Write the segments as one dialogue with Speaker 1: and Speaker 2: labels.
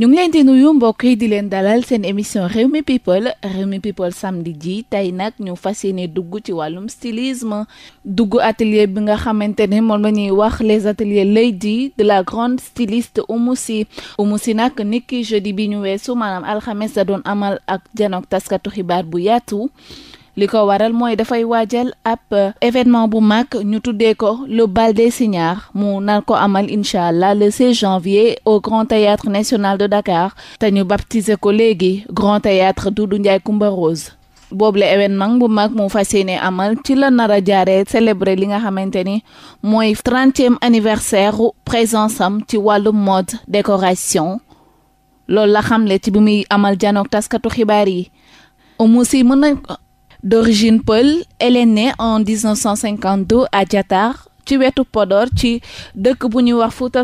Speaker 1: ñu ngi leen di yu mbokk yi di leen dalal seen émission Rewmi People Rewmi People samedi ji tey nag ñu fas yéene dugg ci wàllum stylisme dugg atelier bi nga xamante ne moom lañuy wax les ateliers Lady de la grande styliste Oumou Sy Oumou Sy nag niki jeudi bi ñu weesu maanaam alxames da doon amal ak janook taskatu xibaar bu yaatu li ko waral mooy dafay waajal ab euh, événement bu mag ñu tuddee ko le bal des signares mu nar ko amal incha allah le 16 janvier au grand théâtre national de Dakar te ñu baptiser ko léegi grand théâtre Doudou Ndiaye Coumba Rose boobu la événement bu mag mu fas yéene amal ci la nar a jaaree célébrer li nga xamante ni mooy trentième anniversaire présence am ci wàllu mode décoration loolu la xamle ci bi muy amal janook taskatu xibaar yi. mu si mën d'origine peul elle est née en 1952 à Diatar ci wetu Podor ci dëkk bu ñuy wax Fouta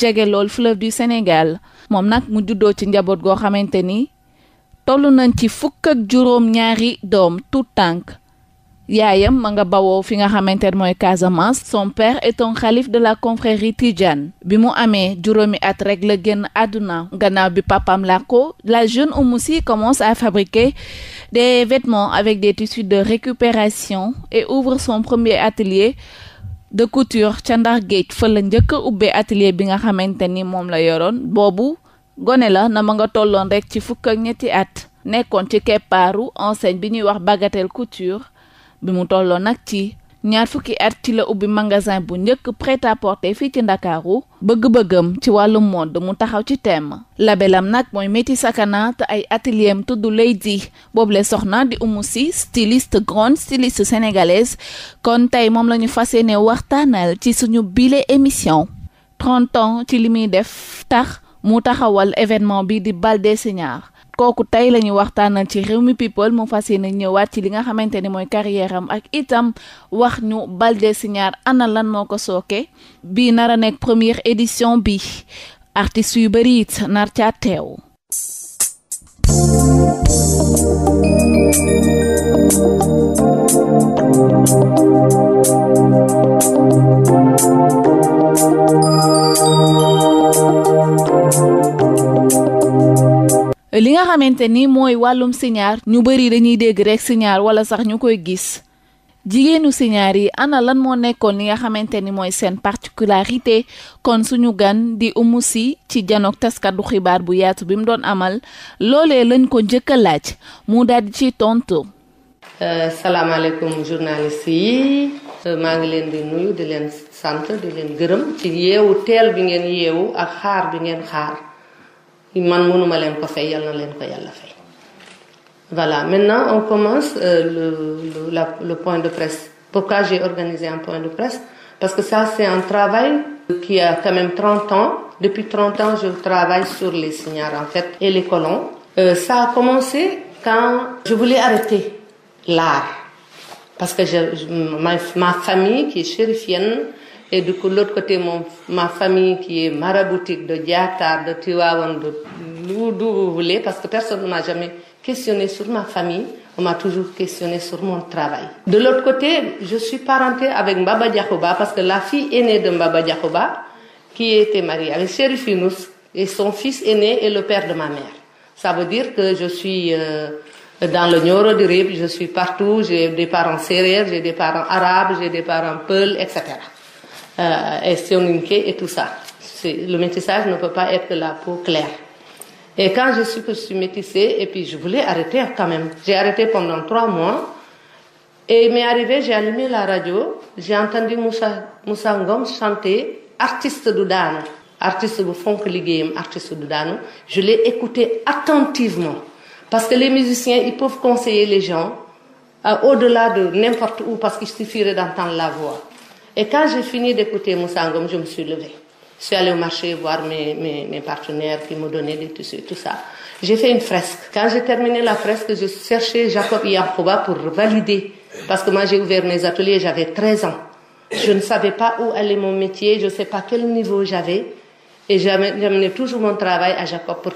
Speaker 1: jege lool fleuve du Sénégal moom nag mu juddoo ci njaboot goo xamante ni toll nañ ci fukk ak juróom ñaari doom tout tànk yaayam ma nga bawoo fi nga xamante ne mooy Casamance son père est xalif de la confrérie Tidjane bi mu amee juróomi at rek la génn àdduna gannaaw bi papam làkko la jeune Oumou si commence à fabriquer des vêtements avec des tissus de récupération et ouvre son premier atelier de couture ca Ndar Géej fa la njëkk a ubbee atelier bi nga xamante ni moom la yoroon boobu gone la na ma nga tolloon rek ci fukk ak ñetti at nekkoon ci keppaaru enseigne bi ñuy wax Bagatelle Couture bi mu tolloo nag ci ñaar fukki at ci la ubbi magasin bu njëkk prêt à fii ci ndakaaru bëgg-bëggam ci wàllu mode mu taxaw ci thème labelam nag mooy Méti Sakana te ay atelier am tudd Lady boobule soxna di Oumou si styliste grande styliste sénégalaise kon tey moom la ñu fas yéene waxtaanal ci suñu bile émission 30 ci li muy def tax mu taxawal événement bi di bal des Signares kooku tey la ñuy waxtaanal ci réew mi people mu fas yéene ñëwaat ci li nga xamante ne mooy carrière ak itam wax ñu Balde Signar ana lan moo ko sooke bii nar a nekk première édition bi artistes yu bëri nar caa teew. li nga xamante ni mooy wàllum siñaar ñu bari dañuy dégg rek siñaar wala sax ñu koy gis jigéenu siñaar yi ana lan moo nekkoon li nga xamante ni mooy seen particularité kon suñu gan di Oumou si ci janook taskatu xibaar bu yaatu bi mu doon amal loolee lañ ko njëkk a laaj mu daal di ci tontu. Uh, salaamaaleykum journaliste yi euh, maa ngi leen di nuyu di leen
Speaker 2: sant di leen gërëm ci yeewu teel bi ngeen yeewu ak xaar bi ngeen xaar. man mënuma leen ko fay yal na leen ko yàlla fay voilà maintenant on commence euh, le, le, la, le point de presse pourquoi j'ai organisé un point de presse parce que ça c'est un travail qui a quand même 30 ans depuis 30 ans je travaille sur les signares en fait et les colons euh, ça a commencé quand je voulais arrêter l'art parce que je, je ma, ma famille qui est chérifienne Et de l'autre côté, mon, ma famille qui est maraboutique, de Diatar, de Tiwawan, de d'où vous parce que personne ne m'a jamais questionné sur ma famille, on m'a toujours questionné sur mon travail. De l'autre côté, je suis parentée avec Mbaba parce que la fille aînée de Mbaba Diakhoba, qui était mariée avec Cherifinous, et son fils aîné est le père de ma mère. Ça veut dire que je suis euh, dans le Nyoro du Rib, je suis partout, j'ai des parents sérères, j'ai des Euh, et soninké et tout ça. Le métissage ne peut pas être la peau claire. Et quand je suis que je suis métissée, et je voulais arrêter quand même. J'ai arrêté pendant trois mois. Et il m'est arrivé, j'ai allumé la radio, j'ai entendu Moussa, Moussa chanter Artiste du Dano. Artiste du Fonk Ligayim, Artiste du Dano. Je l'ai écouté attentivement. Parce que les musiciens, ils peuvent conseiller les gens euh, au-delà de n'importe où, parce qu'il suffirait d'entendre la voix. Et quand j'ai fini d'écouter Moussangom, je me suis levée. Je suis au marché voir mes, mes, mes partenaires qui me donnaient des tissus, tout ça. J'ai fait une fresque. Quand j'ai terminé la fresque, je cherchais Jacob Yankoba pour valider. Parce que moi, j'ai ouvert mes ateliers, j'avais 13 ans. Je ne savais pas où allait mon métier, je sais pas quel niveau j'avais. Et j'amenais toujours mon travail à Jacob pour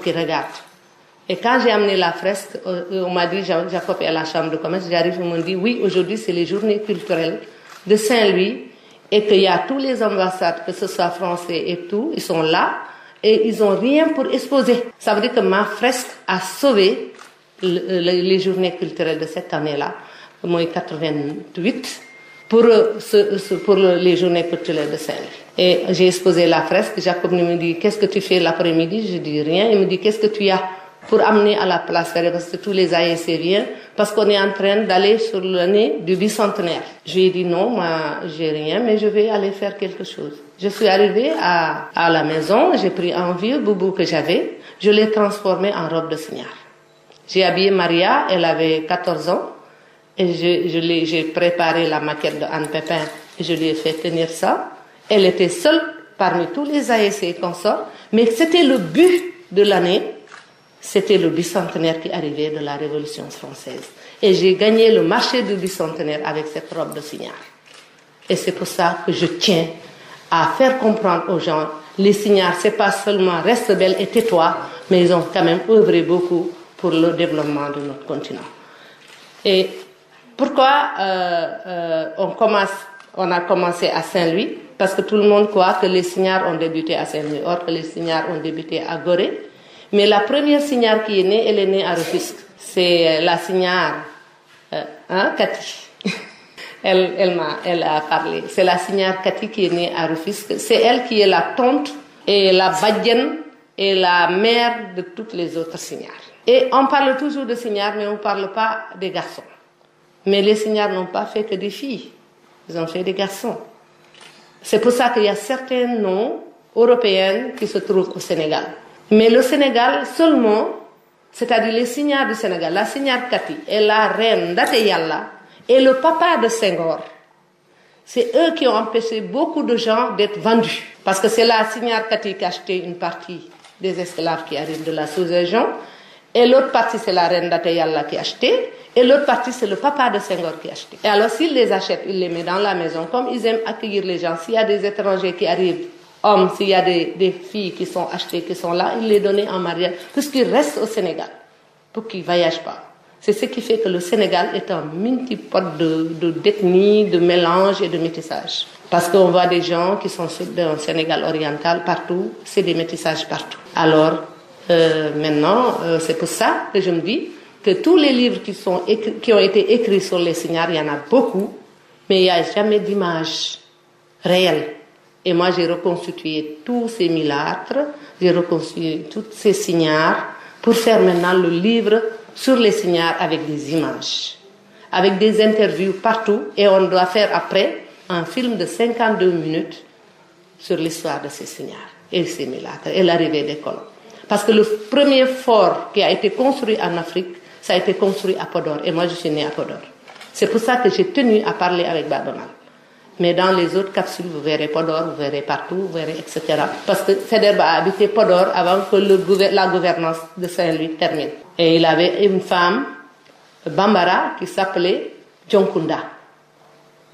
Speaker 2: Et la fresque, euh, euh, on m'a chambre de commerce, j'arrive, on m'a dit, oui, aujourd'hui, c'est les journées culturelles de saint et qu'il y les ambassades, que ce et tout, ils sont là et ils n'ont pour exposer. Ça veut dire que ma fresque a sauvé le, le, les de cette année-là, moins 88, pour, euh, ce, ce, pour les journées culturelles de saint -Louis. Et j'ai exposé la fresque. Jacob me dit, quest que tu fais l'après-midi Je dis que tu pour amener à la place parce que tous les AEC viennent, parce qu'on est en train d'aller sur l'année du bicentenaire. Je lui ai dit non, moi j'ai rien, mais je vais aller faire quelque chose. Je suis arrivée à, à la maison, j'ai pris un vieux boubou que j'avais, je l'ai transformé en robe de signal. J'ai habillé Maria, elle avait 14 ans, et je, je l'ai, j'ai préparé la maquette de Anne Pépin, et je lui ai fait tenir ça. Elle était seule parmi tous les AEC qu'on sort, mais c'était le but de l'année C'était le bicentenaire qui arrivait de la Révolution française. Et j'ai gagné le marché du bicentenaire avec cette robe de signal. Et c'est pour ça que je tiens à faire comprendre aux gens, les signards, c'est pas seulement reste belle et tais-toi, mais ils ont quand même œuvré beaucoup pour le développement de notre continent. Et pourquoi euh, euh, on commence, on a commencé à Saint-Louis Parce que tout le monde croit que les signards ont débuté à Saint-Louis, or que les signards ont Mais la première signare qui est née, elle est née à Rufisque. C'est euh, la signare, euh, hein, Cathy. elle, elle, a, elle a parlé. C'est la signare Cathy qui est née à Rufisque. C'est elle qui est la tante et la badienne et la mère de toutes les autres signales. Et on parle toujours de signales, mais on ne parle pas des garçons. Mais les signales n'ont pas fait que des filles. Ils ont fait des garçons. C'est pour ça qu'il y a certains noms européens qui se trouvent au Sénégal. Mais le Sénégal seulement, c'est-à-dire les signares du Sénégal, la signare Cathy et la reine Dateyalla et le papa de Senghor, c'est eux qui ont empêché beaucoup de gens d'être vendus. Parce que c'est la signare Cathy qui a une partie des esclaves qui arrivent de la sous-région. Et l'autre partie, c'est la reine Dateyalla qui a acheté. Et le papa de Senghor qui a acheté. Et alors, s'il les achète, il les met dans la maison, comme ils aiment accueillir les gens. S'il y a des étrangers qui arrivent, hommes, s'il y a des, des, filles qui sont achetées, qui sont là, il les données en mariage, puisqu'ils restent au Sénégal, pour qu'ils ne pas. C'est ce qui fait que le Sénégal est un multipode de, de d'ethnie, de mélange et de métissage. Parce qu'on voit des gens qui sont dans le Sénégal oriental partout, c'est des métissages partout. Alors, euh, maintenant, euh, c'est pour ça que je me dis que tous les livres qui, sont écrits, qui ont été écrits sur les signares, il y en a beaucoup, mais il n'y a jamais d'image réelle Et moi, j'ai reconstitué tous ces mulâtres, j'ai reconstitué tous ces signares pour faire maintenant le livre sur les signares avec des images, avec des interviews partout. Et on doit faire après un film de 52 minutes sur l'histoire de ces signares et ces mulâtres et l'arrivée des colons. Parce que le premier fort qui a été construit en Afrique, ça a été construit à Podor. Et moi, je suis née à Podor. C'est pour ça que j'ai tenu à parler avec Babonal. Mais dans les autres capsules, vous verrez Podor, vous verrez partout, vous verrez etc. Parce que Federba a habité Podor avant que le, la gouvernance de Saint-Louis termine. Et il avait une femme, Bambara, qui s'appelait Djonkunda.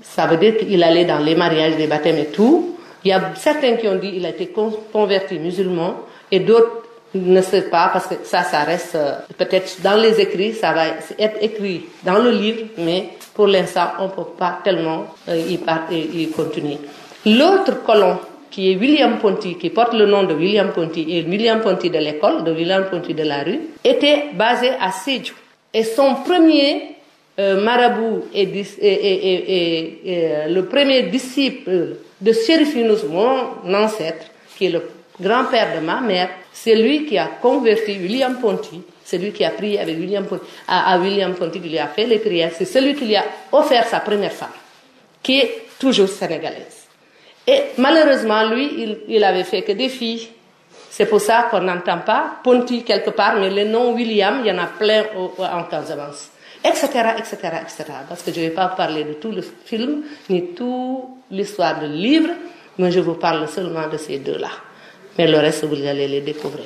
Speaker 2: Ça veut dire qu'il dans les mariages, les baptêmes et tout. Il y a été converti musulman et d'autres ne savent pas parce que ça, ça reste euh, peut-être dans les écrits, ça va être écrit dans le livre, Pour l'instant, on ne peut pas tellement euh, y, part, y, euh, y continuer. L'autre colon, qui est William Ponty, qui porte le nom de William Ponty, et William Ponty de l'école, de William Ponty de la rue, était basé à Sejou. Et son premier euh, marabout et, et, et, et, euh, le premier disciple de Shérif mon ancêtre, qui est le grand-père de ma mère, c'est lui qui a converti William Ponty celui qui a prié avec William, à, à William Ponty, qui lui a fait les prières, c'est celui qui lui a offert sa première femme, qui est toujours sénégalaise. Et malheureusement, lui, il, il avait fait que des filles. C'est pour ça qu'on n'entend pas Ponty quelque part, mais le nom William, il en a plein Etc., etc., Parce que je ne vais pas parler de tout le film, ni toute l'histoire du livre, mais je vous parle seulement de ces deux-là. Mais le reste, vous allez les découvrir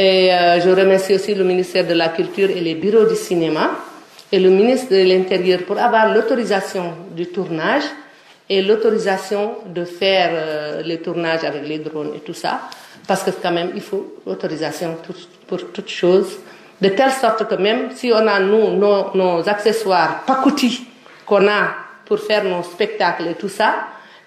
Speaker 2: Et euh, je remercie aussi le ministère de la Culture et les bureaux du cinéma et le ministre de l'Intérieur pour avoir l'autorisation du tournage et l'autorisation de faire euh, les tournages avec les drones et tout ça. Parce que quand même, il faut autorisation pour, pour toute chose. De telle sorte que même si on a nous, nos, nos accessoires pacoutis qu'on a pour faire nos spectacles et tout ça,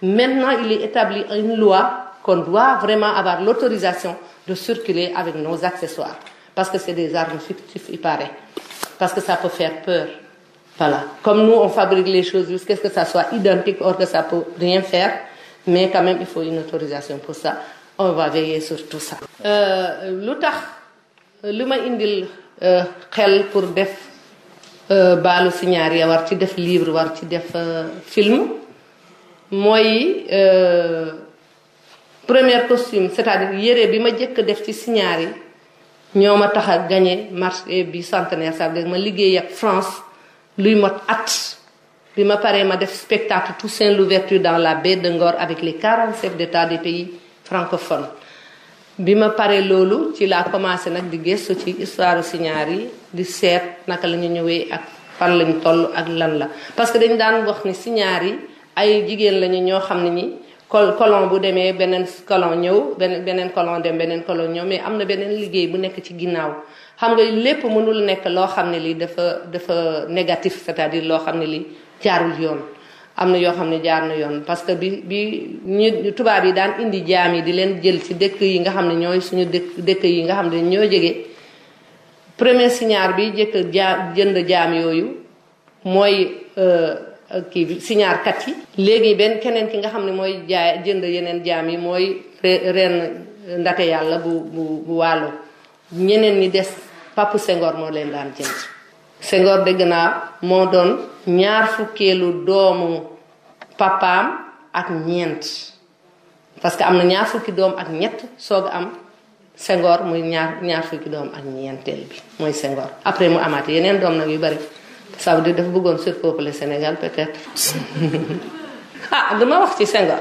Speaker 2: maintenant il est établi une loi qu'on doit vraiment avoir l'autorisation de circuler avec nos accessoires. Parce que c'est des armes fictives, il paraît. Parce que ça peut peur. Voilà. Comme nous, on fabrique les choses jusqu'à ce que ça identique, or que ça peut Mais quand même, il faut une autorisation pour ça. On va veiller sur euh, lu tax euh, lu ma indil euh, xel pour def baalu si war ci def livre war ci def film mooy. première costume cest a dire yére bi ma jëkk def ci signaar yi ñoo ma tax a gagné marché bi centenaire ça veut ma liggéey ak France luy mot at bi ma paree ma def spectacle Toussaint l'ouverture dans la baie de Ngor avec les 40 chefs d'État des pays francophones bi ma paree loolu ci laa commencé nag di gëstu ci histoire signaar yi di seet naka la ñu ñëwee ak fan lañu toll ak lan la parce que dañ daan wax ni signaar yi ay jigéen lañu ñoo xam ne ñi colon bu demee beneen colon ñëw beneen beneen colon dem beneen colon ñëw mais am na beneen liggéey bu nekk ci ginnaaw xam nga lépp mënul nekk loo xam ne lii dafa dafa négatif cest à loo xam ne lii jaarul yoon am na yoo xam ne jaar na yoon parce que bi bi ñu tubaab yi daan indi jaam yi di leen jël ci dëkk yi nga xam ne ñooy suñu dëkk dëkk yi nga xam ne ñoo jege premier signal bi jëkk jaa jënd jaam yooyu mooy euh, kii signaarkat yi. léegi benn keneen ki nga xam ne mooy jaay jënd yeneen jaam yi mooy reen ndate yàlla bu bu bu wàllu ñeneen ñi des Pape Senghor moo leen daan jënd. Senghor dégg naa moo doon ñaar fukkeelu doomu papaam ak ñeent parce que am na ñaar fukki doom ak ñett soo am Senghor muy ñaar ñaar fukki doom ak ñeenteel bi mooy sengoor après mu amaat yeneen doom nag yu bari. ça veut dire dafa bëggoon surpeupler Sénégal peut-être ah dama wax ci Senghor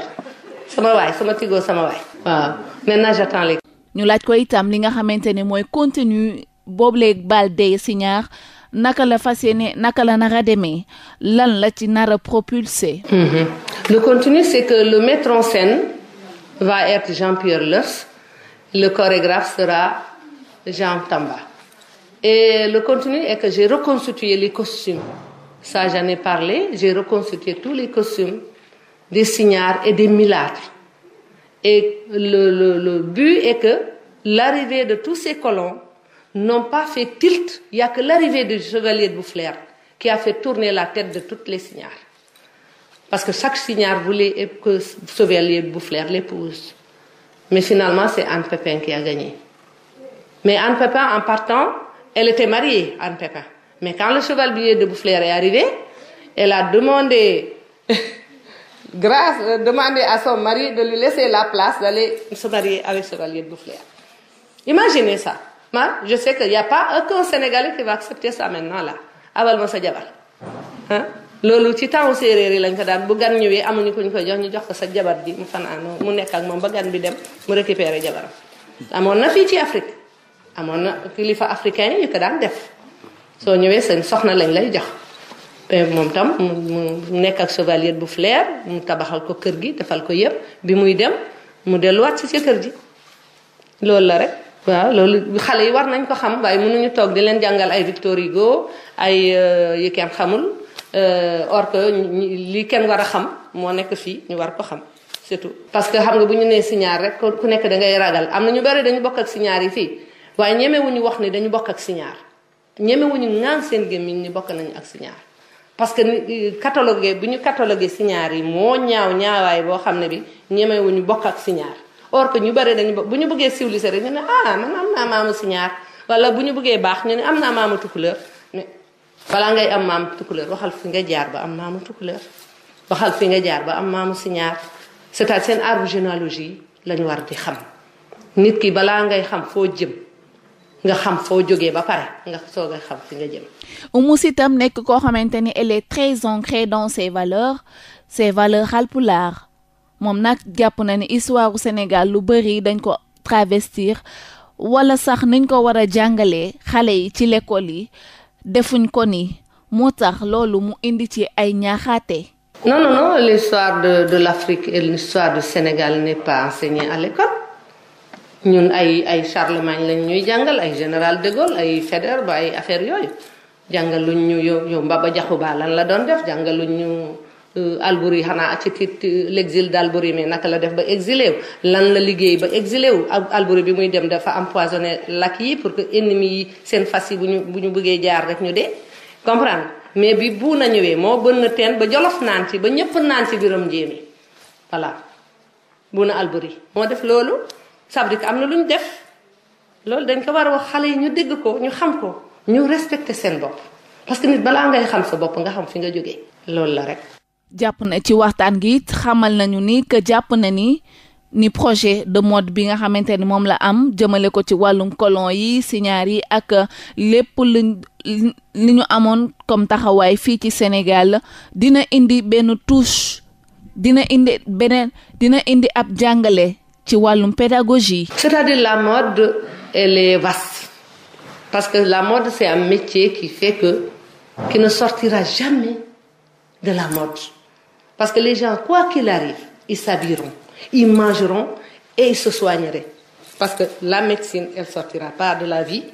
Speaker 2: sama waay sama tigoo sama waay waaw maintenant j'attends les
Speaker 1: ñu laaj ko li nga xamante ne mooy contenu boobu léegi bal dee si ñaar naka la fas naka la nar a lan la ci nar a propulser
Speaker 2: mhm. le contenu c'est que le metteur en scène va être Jean-Pierre Lers le chorégraphe sera Jean Tamba Et le contenu est que j'ai reconstitué les costumes. Ça, j'en ai parlé. J'ai reconstitué tous les costumes des signards et des milâtres. Et le, le, le but est que l'arrivée de tous ces colons n'ont pas fait tilt. Il n'y a que l'arrivée du chevalier de Boufflers qui a fait tourner la tête de toutes les signares. Parce que chaque signard voulait que chevalier de Boufflers l'épouse. Mais finalement, c'est Anne Pépin qui a gagné. Mais Anne Pépin, en partant, Elle était mariée à Pépin. Mais quand le chevalier de Boufflers est arrivé, elle a demandé, grâce, euh, demandé à son mari de lui laisser la place d'aller se marier avec le chevalier de Boufflers. Imaginez ça. Moi, je sais qu'il n'y a pas aucun Sénégalais qui va accepter ça maintenant là. abal ma sa jabar ah loolu ci temps séeréer yi lañ ko daan bu gan ñëwee amuñu ko ñu koy jox ñu jox ko sa jabar ji mu fanaan mu nekk ak moom ba gan bi dem mu a jabaram amoon na fii ci amoon na kilifa africain yi ko daan def soo ñëwee seen soxna lañ lay jox moom tam mu nekk ak chevalier bu flair mu tabaxal ko kër gi defal ko yëpp bi muy dem mu delluwaat si ci kër ji loolu la rek waaw loolu xale yi war nañ ko xam waaye mënuñu toog di leen jàngal ay Victor Hugo ay euh, yu kenn xamul euh, or que li kenn war a xam moo nekk fii ñu war ko xam surtout parce que xam nga bu ñu nee si ñaar rek ku nekk da ngay ragal am na ñu bari dañu bokk ak si ñaar yi fii waaye ñemewuñu wax ni dañu bokk ak siñaar ñemewuñu ngaan seen gémmiñ ni bokk nañu ak siñaar parce que euh, catalogué bu ñu catalogué siñaar yi moo ñaaw ñaawaay boo xam ne bi ñemewuñu bokk ak siñaar or ñu bare dañu bu ñu bëggee civilisé rek ñu ne ah man am wala bu ñu bëggee baax ñu ne am naa maamu tukkuleur mais ngay am maamu tukkuleur waxal fi nga jaar ba am maamu tukkuleur waxal fi nga jaar ba am maamu siñaar c'est-à-dire seen arbre généalogie lañu war di xam nit ki balaa ngay xam foo jëm nga xam foo jógee ba pare nga soog a xam fi nga jëm.
Speaker 1: Oumou Sy tam nekk koo xamante ni elle est très ancrée dans ses valeurs ses valeurs Haalpulaar moom nag jàpp na ni histoire u Sénégal lu bëri dañ ko travestir wala sax niñ ko war a jàngalee xale yi ci lekkool yi defuñ ko ni moo tax loolu mu indi ci ay ñaaxaate.
Speaker 2: non non non l'histoire de de l'Afrique et l'histoire du Sénégal n'est pas enseignée à l'école. ñun ay ay Charlemagne lañ ñuy jàngal ay général de Gaulle ay Faidherbe ba ay affaire yooyu jàngaluñ ñu yow yow Mbaba Jaxu baa lan la doon def jàngaluñ ñu euh, Albury xanaa ci tiit l'exil d'Albury mais naka la def ba exilé lan la liggéey ba exilé wu Albury bi muy dem dafa empoisonné lakk yi pour que ennemi yi seen fas yi bu ñu bu ñu bëggee jaar rek ñu de comprendre mais bi bu na ñëwee moo bënn teen ba jolof naan ci ba ñëpp naan ci biram njéemi voilà bu na Albury ça veut am na lu ñu def loolu dañ ko war a wax xale yi ñu dégg ko ñu xam ko ñu respecté seen bopp parce que nit balaa ngay xam sa
Speaker 1: bopp nga xam fi nga jóge loolu la rek. jàpp na ci waxtaan gi xamal nañu ni que jàpp na ni. ni projet de mode bi nga xamante ni moom la am jëmale ko ci wàllum colon yi signaar yi ak lépp lu li ñu amoon comme taxawaay fii ci Sénégal dina indi benn touche dina indi beneen dina indi ab jàngale ci wàllum pédagogie. c'est-à-dire la mode
Speaker 2: elle est vaste parce que la mode c'est un métier qui fait que qui ne sortira jamais de la mode parce que les gens quoi qu'il arrive ils s'habilleront ils mangeront et ils se soigneront parce que la médecine elle sortira pas de la vie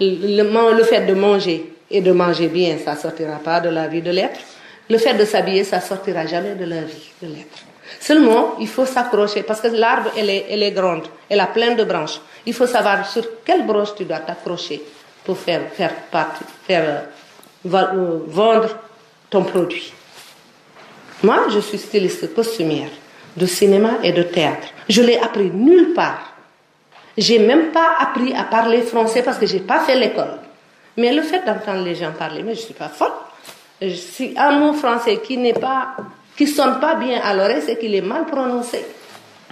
Speaker 2: le, le, le fait de manger et de manger bien ça sortira pas de la vie de l'être le fait de s'habiller ça sortira jamais de la vie de l'être Seulement, il faut s'accrocher parce que l'arbre, elle est, elle est grande, elle a plein de branches. Il faut savoir sur quelle branche tu dois t'accrocher pour faire, faire, partie, faire euh, euh, vendre ton produit. Moi, je suis styliste costumière de cinéma et de théâtre. Je l'ai appris nulle part. J'ai même pas appris à parler français parce que j'ai pas fait l'école. Mais le fait d'entendre les gens parler, mais je suis pas folle. Si un mot français qui n'est pas qui sonne pas bien à l'oreille, c'est qu'il est mal prononcé.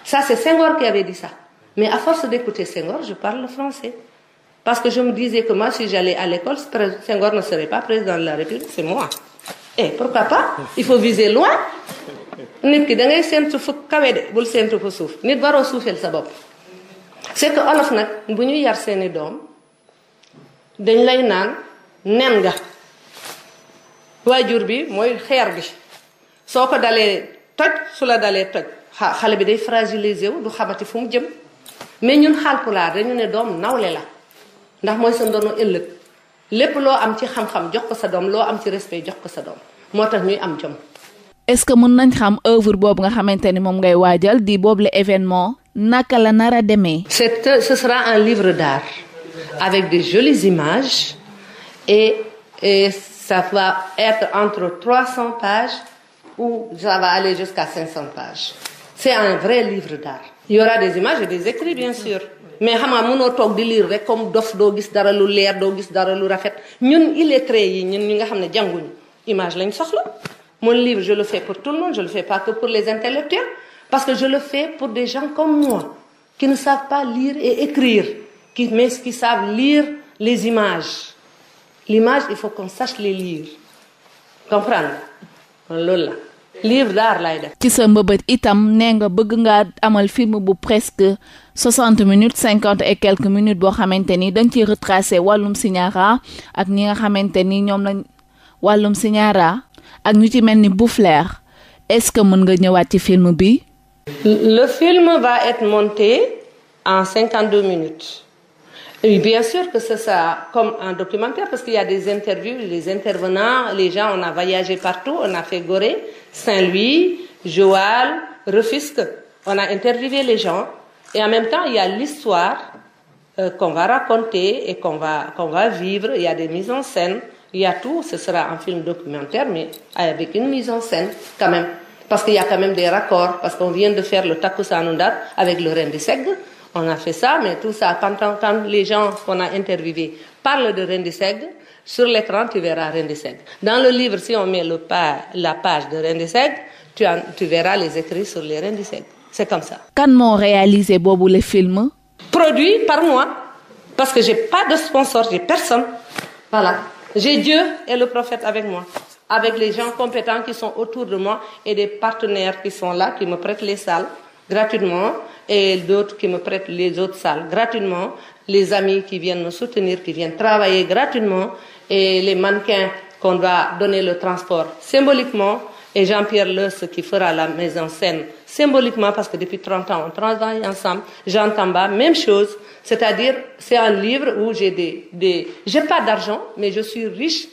Speaker 2: Ça, c'est Senghor qui avait dit ça. Mais à force d'écouter Senghor, je parle français. Parce que je me disais que moi, si j'allais à l'école, Senghor ne serait pas président de la République, c'est moi. Eh, pourquoi pas Il faut viser loin. nit ki da ngay séntu fu kawe de bul séntu fu suuf nit waroo suufeel sa bopp c'est que olof nag bu ñuy yar seeni doom dañ lay naan nen nga waajur bi mooy xeer bi soo ko dalee toj su la dalee toj xale bi day fragiliser du xamati fu jëm mais ñun xaalpulaar dañu ne doom nawle la ndax mooy sa ndono ëllëg lépp loo am ci xam-xam jox ko sa doom loo am ci respect jox ko sa doom moo tax ñuy am jom.
Speaker 1: est-ce que mën nañ xam œuvre boobu nga xamante ni moom ngay waajal di boobu la événement. naka la nar a demee. c'est ce sera un livre d'art avec de jolies images et et ça
Speaker 2: va être entre trois cents pages. où ça va aller jusqu'à 500 pages. C'est un vrai livre d'art. Il y aura des images et des écrits, bien sûr. mais xamaa mënoo toog di lire rek comme dof doo gis dara lu leer doo gis dara lu rafet ñun illettrés yi ñun ñi nga xam ne jànguñu image lañ soxla. mon livre je le fais pour tout le monde je le fais pas que pour les intellectuels parce que je le fais pour des gens comme moi qui ne savent pas lire et écrire mais qui savent lire les images l'image il faut qu'on sache les lire
Speaker 1: comprendre livre d'art lay def. ci sa mbëbët itam nee nga bëgg ngaa amal film bu presque soixante minutes cinquante et quelques minutes boo xamante ni dañ ciy retracé wàllum Signara ak ñi nga xamante ni ñoom lañ wàllum Signara ak ñu ci mel ni Boufflers est-ce que mën nga ñëwaat ci film bi.
Speaker 2: le film va être monté en cinquante Oui, bien sûr que c'est ça, comme un documentaire, parce qu'il y a des interviews, les intervenants, les gens, on a voyagé partout, on a fait Gorée, Saint-Louis, Joal, Refisque, on a interviewé les gens, et en même temps, il y a l'histoire euh, qu'on va raconter et qu'on va, qu'on va vivre, il y a des mises en scène, il y a tout, ce sera un film documentaire, mais avec une mise en scène quand même, parce qu'il y a quand même des raccords, parce qu'on vient de faire le Takusanundat avec le Reine des Sègles, On a fait ça, mais tout ça, quand, quand les gens qu'on a interviewés parlent de Rendiseg, sur l'écran, tu verras Rendiseg. Dans le livre, si on met le pa la page de Rendiseg, tu, verras les écrits sur les Rendiseg. C'est comme ça.
Speaker 1: Quand m'ont réalisé Bobo le film
Speaker 2: Produit par moi, parce que j'ai pas de sponsor, Voilà. le prophète avec moi avec les gens compétents qui sont autour de moi et des partenaires qui sont là, qui me prêtent les salles gratuitement. et d'autres qui me prêtent les autres salles gratuitement, les amis qui viennent me soutenir, qui viennent travailler gratuitement et les mannequins qu'on va donner le transport symboliquement et Jean-Pierre Leuss qui fera la mise en scène symboliquement parce que depuis 30 ans on travaille ensemble. Jean Tamba, même chose, c'est-à-dire c'est un livre où j'ai des, des j'ai pas d'argent mais je suis riche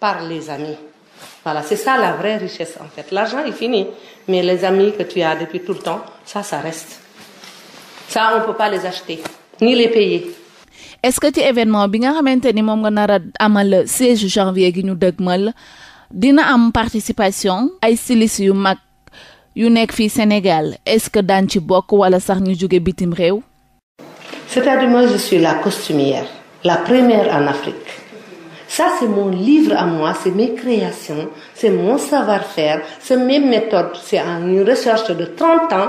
Speaker 2: par les amis. Voilà, c'est ça la vraie richesse en fait. L'argent est fini, mais les amis que tu as depuis tout le temps, ça, ça reste. ça on peut pas les acheter
Speaker 1: ni est-ce que ci événement bi nga xamante ni moom nga nar a amal 16 janvier gi ñu dëgmal dina am participation ay stylistes yu mag yu nekk fii Sénégal est-ce que dans ci bokk wala sax ñu jóge bitim réew.
Speaker 2: c'est-à-dire moi je suis la costumière la première en Afrique ça c'est mon livre à moi c'est mes créations c'est mon savoir-faire c'est mes méthodes c'est une recherche de 30 ans.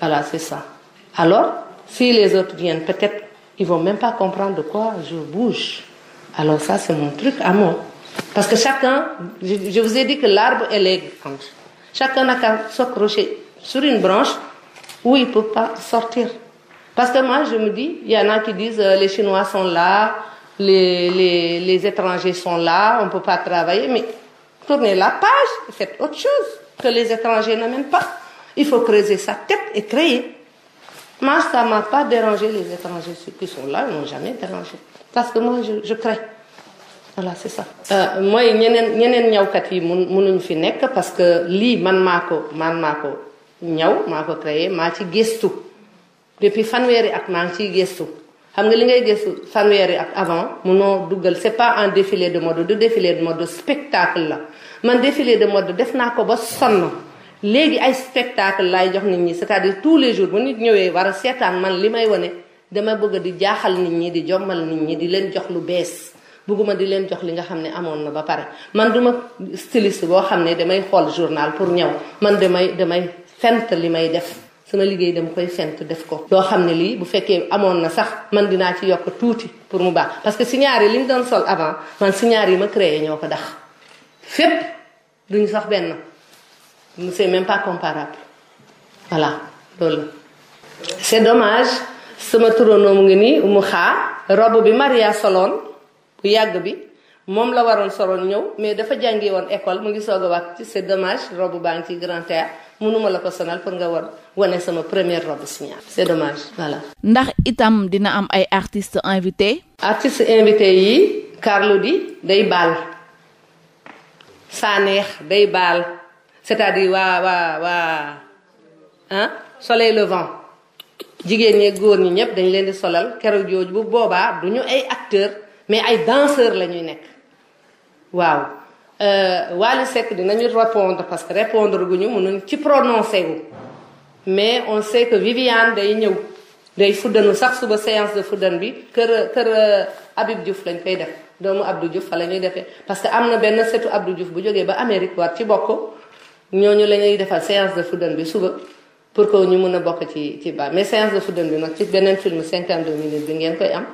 Speaker 2: Voilà, c'est ça. Alors, si les autres viennent, peut-être ils vont même pas comprendre de quoi je bouge. Alors ça, c'est mon truc à moi. Parce que chacun, je, je vous ai dit que l'arbre est l'aigle. Chacun a qu'à s'accrocher sur une branche où il peut pas sortir. Parce que moi, je me dis, il y en a qui disent euh, les Chinois sont là, les, les, les étrangers sont là, on ne peut pas travailler. Mais tournez la page, faites autre chose que les étrangers n'amènent pas. Il faut creuser sa tête et créer. Moi, ça ne m'a pas dérangé, les étrangers ceux qui sont là, ils m'ont jamais dérangé. Parce que moi, je, je crée. voilà c'est ça. Euh, mooy ñeneen ñeneen ñawkat yi mun munuñ fi nekk parce que lii man maa ko man maa ko ñaw maa ko créé maa ci gëstu depuis fanweeri ak maa ngi ciy gëstu xam nga li ngay gëstu fanweeri ak avant noo duggal c'est pas un défiler de mode du défilé de mode spectacle la man défilé de mode def naa ko ba sonn. léegi ay spectacle lay jox nit ñi c'est-à-dire tous les jours bu nit ñëwee war a seetaan man li may wane dama bëgg di jaaxal nit ñi di jommal nit ñi di leen jox lu bees bëgguma di leen jox li nga xam ne amoon na ba pare man duma styliste boo xam ne damay xool journal pour ñaw man damay damay fent li may def sama liggéey dama koy fent def ko loo xam ne lii bu fekkee amoon na sax man dinaa ci yokk tuuti pour mu baax parce que signaar yi li doon sol avant man signaar yi ma créé ñoo ko dax fépp sax benn c'est même pas comparable voilà loolu la sama turandoo mu ngi nii mu xaa robe bi Maria soloon bu yàgg bi moom la waroon soloon ñëw mais dafa jàngi woon école mu ngi soog a wax ci c'est dommage robe baa ngi ci grand théâtre mënuma la ko sonal pour nga war wane sama première robe signal c'est dommage voilà
Speaker 1: ndax itam dina am ay artist invité artistes invité yi Carlou D day baal
Speaker 2: Sanekh day baal c'est-à-dire waa waa waa ah soleil levant jigéen ñee góor ñi ñëpp dañ leen di solal keroog jooj bu boobaa du ñu ay acteurs mais ay danseurs la ñuy nekk waaw euh, Wally Seck dinañu répondre parce que répondre gu ñu mënuñ ci prononcé wu mais on sait que Viviane day ñëw day fuddanu sax suba séance de fuddan bi kër kër euh, Habib Diouf lañ koy def doomu Abdou Diouf fa la ñuy defee parce que am na benn setu Abdou Diouf bu jógee ba amerique war ci bokk ñooñu la ñuy defal séance de fuddeen bi suba pour que ñu mën a bokk ci ci baax mais séance de fuddeen bi nag ci beneen film 52 minutes bi ngeen koy am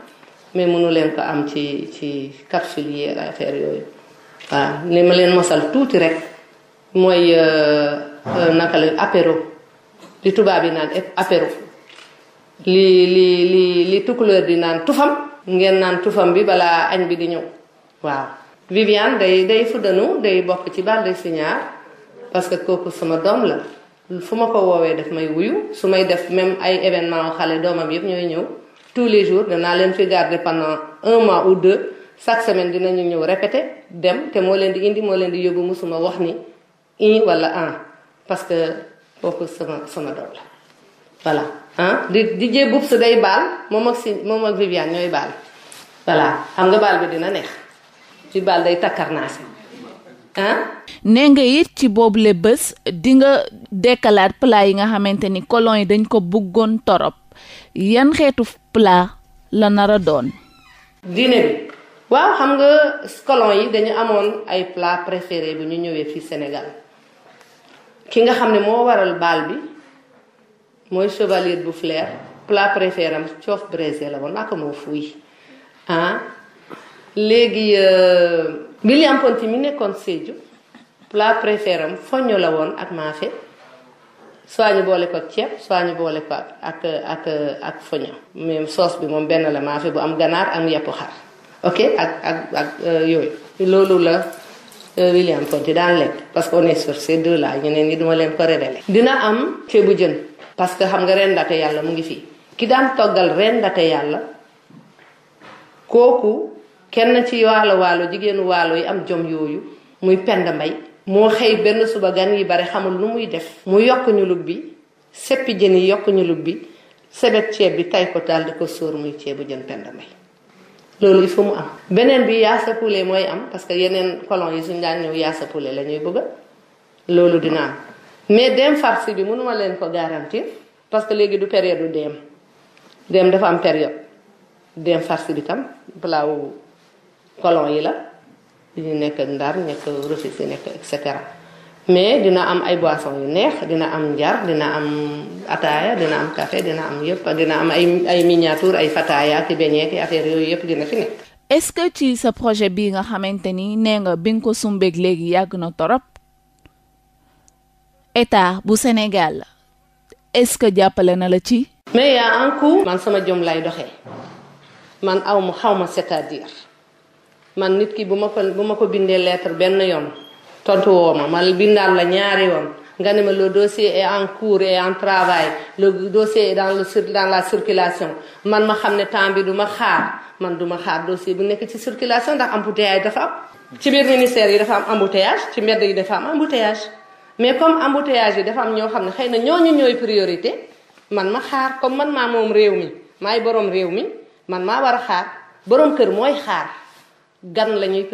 Speaker 2: mais mënu leen ko am ci ci capsule yi ak affaire yooyu waaw ni ma leen mosal tuuti rek mooy euh, euh, naka la apéro li tubaab yi naan apéro li li li li tukkuleer di naan tufam ngeen naan tufam bi balaa añ bi di ñëw waaw Viviane day day fuddanu day bokk ci bal de signaar parce que kooku sama doom la fu ma ko woowee daf may wuyu su may def même ay événement xale doomam yëpp ñooy ñëw tous les jours danaa leen fi garder pendant un mois ou deux chaque semaine dinañu ñëw répété dem te moo leen di indi moo leen di yóbbu musuma wax ni i wala an parce que kooku sama sama doom la voilà ah di di jee bub su day baal moom ak si moom ak Viviane ñooy baal voilà xam nga baal bi dina neex ci baal day si
Speaker 1: ne nee nga it ci boobule bés di nga dekkalaat plat yi nga xamante ni colon yi dañ ko bëggoon torop yan xeetu plat la nar a doon. dîner bi
Speaker 2: waaw xam nga colon yi dañu amoon ay plat préféré bu ñu ñëwee fii senegal ki nga xam ne moo waral baal bi mooy chevalier bu flair plat préféré am coof braisé la woon naka moo fuy léegi. Euh, William Ponty mu nekkoon Sédhiou plat préféré am foño la woon ak maafe soit ñu boole ko ak ceeb soit boole ko ak ak ak ak foño même sauce bi moom benn la maafe bu am ganaar am yàpp xar ok ak ak ak euh, yooyu loolu la euh, William Ponty daan lekk parce que on est sur ces deux là ñeneen ñi duma leen ko redale dina am ceebu jën parce que xam nga ren ndate yàlla mu ngi fii ki daan toggal ren ndate yàlla kooku kenn ci waalo waalo jigéenu waalo yi am jom yooyu muy pend mbay moo xëy benn suba gan yi bari xamul lu muy def mu yokk ñu lub bi seppi jën yi yokk ñu lub bi sebet ceeb bi tay ko daal ko sóor muy ceebu jën pend mbay loolu il faut mu am beneen bi yaasa poulet mooy am parce que yeneen colon yi suñ daan ñëw yaasa poulet la ñuy bëgg loolu dina am mais dem farci bi mënuma leen ko garantir parce que léegi du période du dem dem dafa am période dem farci bi tam palaawu colon yi la ñu nekk ndar nekk refus yi nekk et mais dina am ay boissons yu neex dina am njar dina am ataaya dina am café dina am yëpp dina am ay ay miniature ay fataaya ki beñeek affaire yooyu yëpp dina fi nekk.
Speaker 1: est-ce que ci sa projet bii nga xamante ni nee nga bi nga ko sumbeek léegi yàgg na torop état bu Sénégal est-ce que jàppale na la ci.
Speaker 2: mais yaa en coup man sama jom lay doxee man aw ma xaw man nit ki bu ma ko bu ma ko bindee lettre benn yoon tontu woo ma ma bindaat la ñaari yoon nga ne ma le dossier et en cours et en travail le dossier est dans le dans la circulation man ma xam ne temps bi du ma xaar man duma xaar dossier bu nekk ci circulation ndax embouteillage dafa am. ci biir ministère yi dafa am embouteillage ci mbedd yi dafa am embouteillage mais comme embouteillage yi dafa am ñoo xam ne xëy na ñooñu ñooy priorité man ma xaar comme man maa moom réew mi maay borom réew mi man maa war a xaar borom kër mooy xaar. gan la ñuy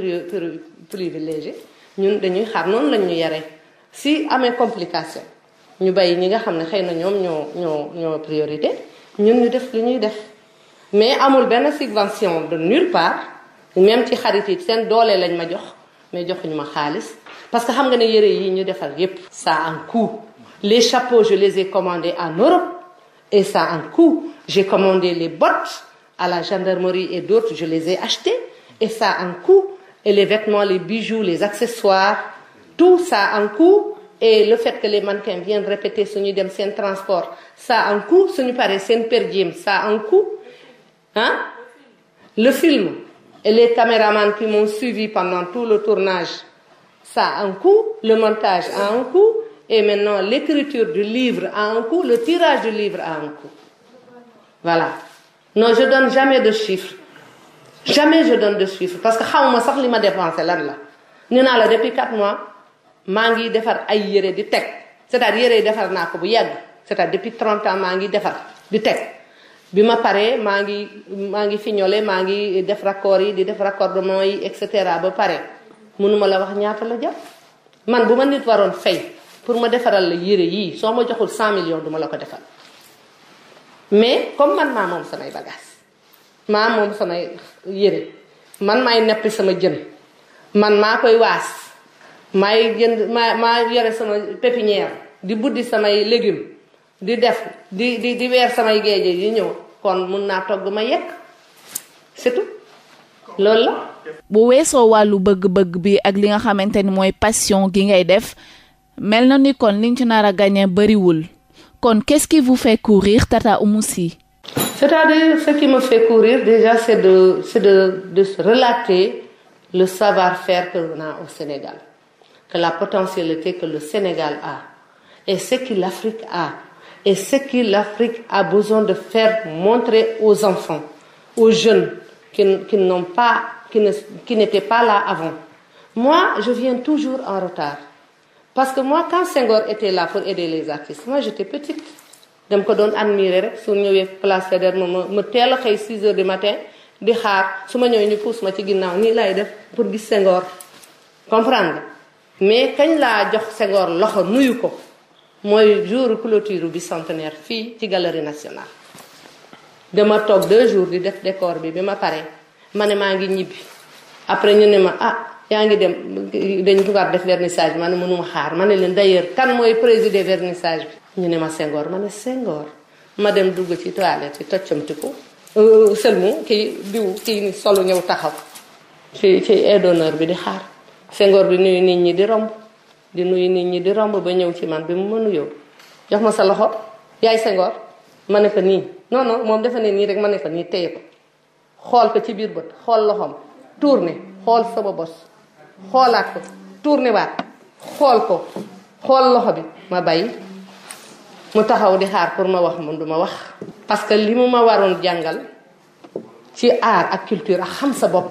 Speaker 2: privilégié ñun dañuy xaar noonu lañ ñu yaree si amee complication ñu bay ñi nga xam ne xëy na ñoom ñoo ñoo ñoo priorité ñun ñu def lu ñuy def mais amul benn subvention de nulle part même ci xarit yi seen doolee lañ ma jox mais joxuñu ma xaalis parce que xam nga ne yëre yi ñu defar yépp ça a un coût les chapeaux je les ai commandés en Europe et ça a un coût j'ai les bottes à la gendarmerie et d'autres je les ai achetées et ça a un coût. Et les vêtements, les bijoux, les accessoires, tout ça a un coût. Et le fait que les mannequins viennent répéter suñu dem seen transport ça a un coût suñu paree seen per diem ça a un coût le film et les caméramans qui m'ont suivi pendant tout le tournage ça a un coût le montage a un coût et maintenant l'écriture du livre a un coût le tirage du livre a un coût voilà non je donne jamais de chiffres jamais je donne de chiffre parce que xawma sax li ma dépensé lan la nee naa la depuis 4 mois maa ngi defar ay yére di teg cest à yére yi defar naa ko bu yàgg c'est-à-dire depuis 30 maa ngi defar di teg bi ma paree maa ngi maa ngi fiñole maa ngi def raccord yi di def raccordement yi et cetera ba pare mënuma la wax ñaata la jar man bu ma nit waroon fay pour ma defaral la yére yii soo ma joxul 100 millions du la ko defar mais comme man maa moom samay maa moom samay yére man may neppi sama jën man maa koy waas maay jënd maa maa yore sama pépinière di buddi samay légumes di def di di di weer samay géeje yi ñëw kon mun naa togg ma yekk c'est tout
Speaker 1: la bu weesoo wàllu bëgg-bëgg bi ak li nga xamante ni mooy passion gi ngay def mel na ni kon liñ ci nar a gagné bariwul kon qu'est-ce qui vous Tata Oumou Sy
Speaker 2: C'est-à-dire, ce qui me fait courir, déjà, c'est de, de, de relater le savoir-faire que l'on a au Sénégal, que la potentialité que le Sénégal a, et ce que l'Afrique a, et ce que l'Afrique a besoin de faire montrer aux enfants, aux jeunes qui, qui n'ont pas, qui n'étaient pas là avant. Moi, je viens toujours en retard. Parce que moi, quand Senghor était là pour aider les artistes, moi j'étais petite. dem ko doon admirer rek su ñëwee place Faidherbe ma ma teel a xëy 6 heures du matin di xaar su ma ñëwee ñu puus ma ci ginnaaw nii laay def pour gis Senghor comprendre nga mais kañ laa jox Senghor loxo nuyu ko mooy jour clôture bi centenaire fii ci galerie nationale. dama toog deux jours di def décor bi bi ma pare ma ne maa ngi ñibbi après ñu ne ma ah yaa ngi dem dañ ko war def vernissage ma ne mënuma xaar ma ne leen d'ailleurs kan mooy présider vernissage bi. ñu ne ma Senghor ma ne Senghor ma dem dugg ci toilette yi toccamtiku sëlmu kii diw kii ni solu ñëw taxaw ci ci aide bi di xaar sengoor bi nuyu nit ñi di romb di nuyu nit ñi di romb ba ñëw ci man bi mu ma nuyoo jox ma sa loxo yaay Senghor ma ne ko nii non moom defe ne nii rek ma ne ko nii téye ko xool ko ci biir bët xool tuur tourné xool sama bos xoolaat ko tourné waat xool ko xool loxo bi ma bàyyi mu taxaw di xaar pour ma wax mun du ma wax parce que li mu ma waroon jàngal ci aar ak culture ak xam sa bopp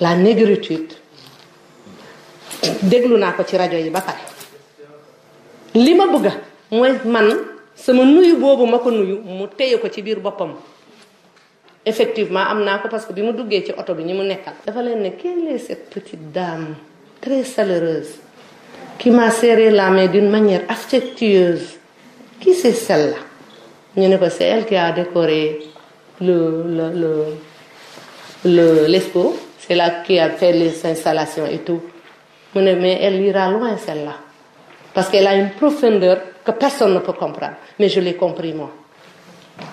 Speaker 2: la négritude déglu naa ko ci rajo yi ba pare li ma bëgga mooy man sama nuyu boobu ma ko nuyu mu téye ko ci biir boppam effectivement am naa ko parce que bi mu duggee ci oto bi ñu mu nekkal dafa leen ne quelle est cette petite dame très chaleureuse qui m'a serré la main d'une manière affectueuse qui c'est celle-là ñu ne ko c'est elle a décoré le le le le l'expo c'est là qui a fait les installations et tout mu ne mais elle ira loin celle-là parce qu'elle a une profondeur que personne ne peut comprendre mais je l'ai compris moi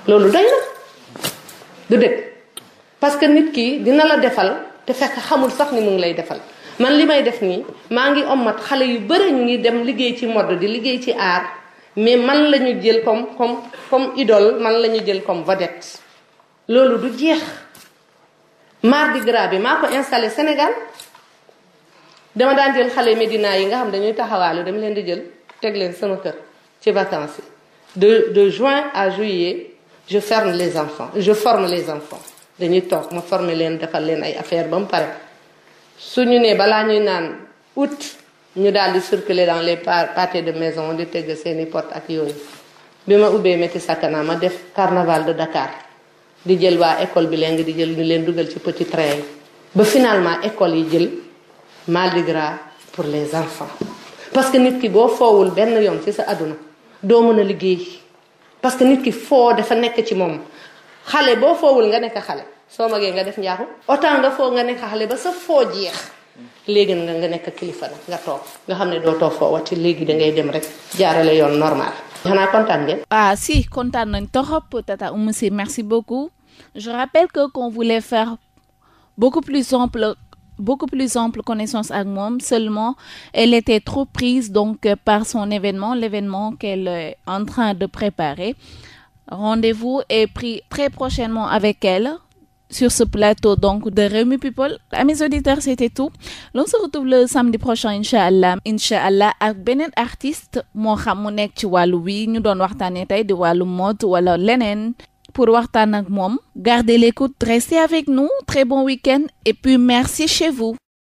Speaker 2: loolu doy na du parce que nit ki dina la defal te fekk xamul sax ni mu ngi lay defal man li may def nii maa ngi ommat xale yu bari ñu ngi dem liggéey ci modd di liggéey ci aar mais man la ñu jël comme comme comme idole man la ñu jël comme vedette loolu du jeex mardi gras bi maa ko installé Sénégal dama daan jël xale Médina yi nga xam dañuy taxawaalu dama leen di jël teg leen sama kër ci vacances de de juin à juillet je ferme les enfants je forme les enfants dañuy toog ma forme leen defal leen ay affaires ba mu pare su ñu nee balaa ñuy naan août ñu daal di circuler dans les pâtés de maison di tëgg seeni porte ak yooyu bi ma ubbee métti sakana ma def carnaval de Dakar di jël waa école bi nga di jël ñu leen dugal ci petit train ba finalement école yi jël Mardi Gras pour les enfants parce que nit ki boo foowul benn yoon ci sa àdduna doo mën a liggéey parce que nit ki foo dafa nekk ci moom xale boo foowul nga nekk xale soo magee nga def njaaxum autant nga foo nga nekk xale ba sa foo jeex léegi nga nga nekk kilifa nag nga toog nga xam ne doo toog foo wati léegi da ngay dem rek jaarale yoon normal. xanaa kontaan
Speaker 1: ngeen. Ah, si kontaan nañ torop Tata Oumou Sy merci beaucoup je rappelle que qu'on voulait faire beaucoup plus ample. beaucoup plus ample connaissance ak moom seulement elle était trop prise donc par son événement l'événement qu'elle est en train de préparer rendez-vous est pris très sur ce plateau donc de Rewmi People amis auditeurs c'était tout l'on se le samedi prochain incha allah incha allah ak beneen artiste moo xam mu nekk ci wàllu wi ñu doon waxtaanee tey di wàllu mode wala leneen pour waxtaan nag moom gardez l'écoute restez avec nous très bon week-end et puis merci chez vous